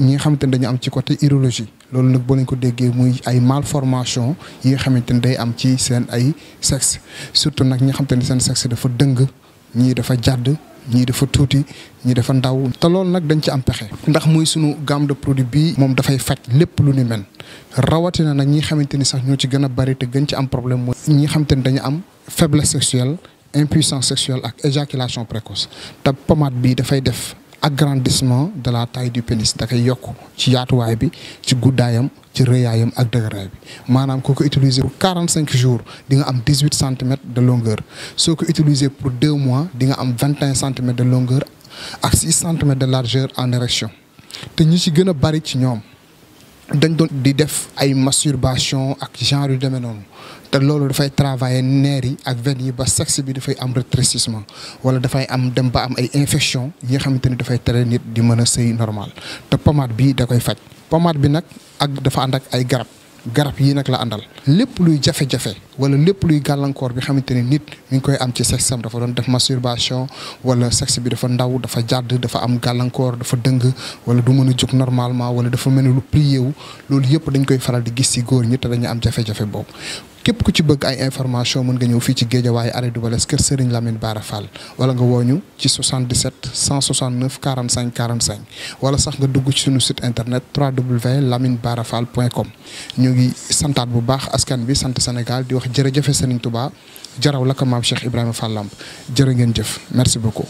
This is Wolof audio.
ñi nga xamante dañu am ci côté urologie loolu nag boo leen ko déggee muy ay malformation yi nga xamantene day am ci seen ay sexe surtout nag ñi nga xamante ne seen sexe dafa dëng ñii dafa jàdd ñii dafa tuuti ñii dafa ndaw te loolu nag dañ ci am pexe ndax muy sunu gamme de produit bii moom dafay faj lépp lu ni mel rawatina nag ñi xamante sax ñoo ci gën a bari te gën ci am problème mooy ñi xamantene dañu am faiblesse sexuelle impuissance sexuelle ak éjaculation précoce te pomade bi dafay def agrandissement de la taille du pénis da kay yok ci yatuway bi ci goudayam ci reyayam ak degeray bi manam koko utiliser pour 45 jours di nga 18 cm de longueur soko utiliser pour 2 mois di nga 21 cm de longueur ak 6 cm de largeur en érection te ñi ci gëna bari ci dañ doon di def ay masturbation ak genre yu demee noonu te loolu dafay travailler neer ak veine yi ba sexe bi dafay am rétrécissement wala dafay am dem ba am ay infection ñi nga xamante ni dafay tere nit di mën a sëy normal te pommade bi da koy faj pommade bi nag ak dafa ànd ak ay garab garab yi nag la àndal lépp luy jafe-jafe wala lepp luy gàllankoor bi xamante nit mi ngi koy am ci sexe sam dafa don def masturbation wala sexe bi dafa ndaw dafa jadd dafa am gàllankoor dafa deung wala du mën juk normalement wala dafa mel lu plié wu loolu yëpp dañ koy faral di gis ci góor ñi te dañu am jafe-jafe boobu. képp ku ci bëgg ay information mën nga ñëw fii ci Guédiawaye arrêt du Balès kër Serigne Lamine Bara Fall wala nga wooñu ci 77 169 45 45 wala sax nga dugg ci suñu site internet www.laminebarafall.com ñu ngi santaat bu baax askan bi sant Sénégal di wax jërëjëfe Serigne Touba jaraw la ko maam Cheikh Ibrahima Fall Lamp jërë ngeen jëf merci beaucoup.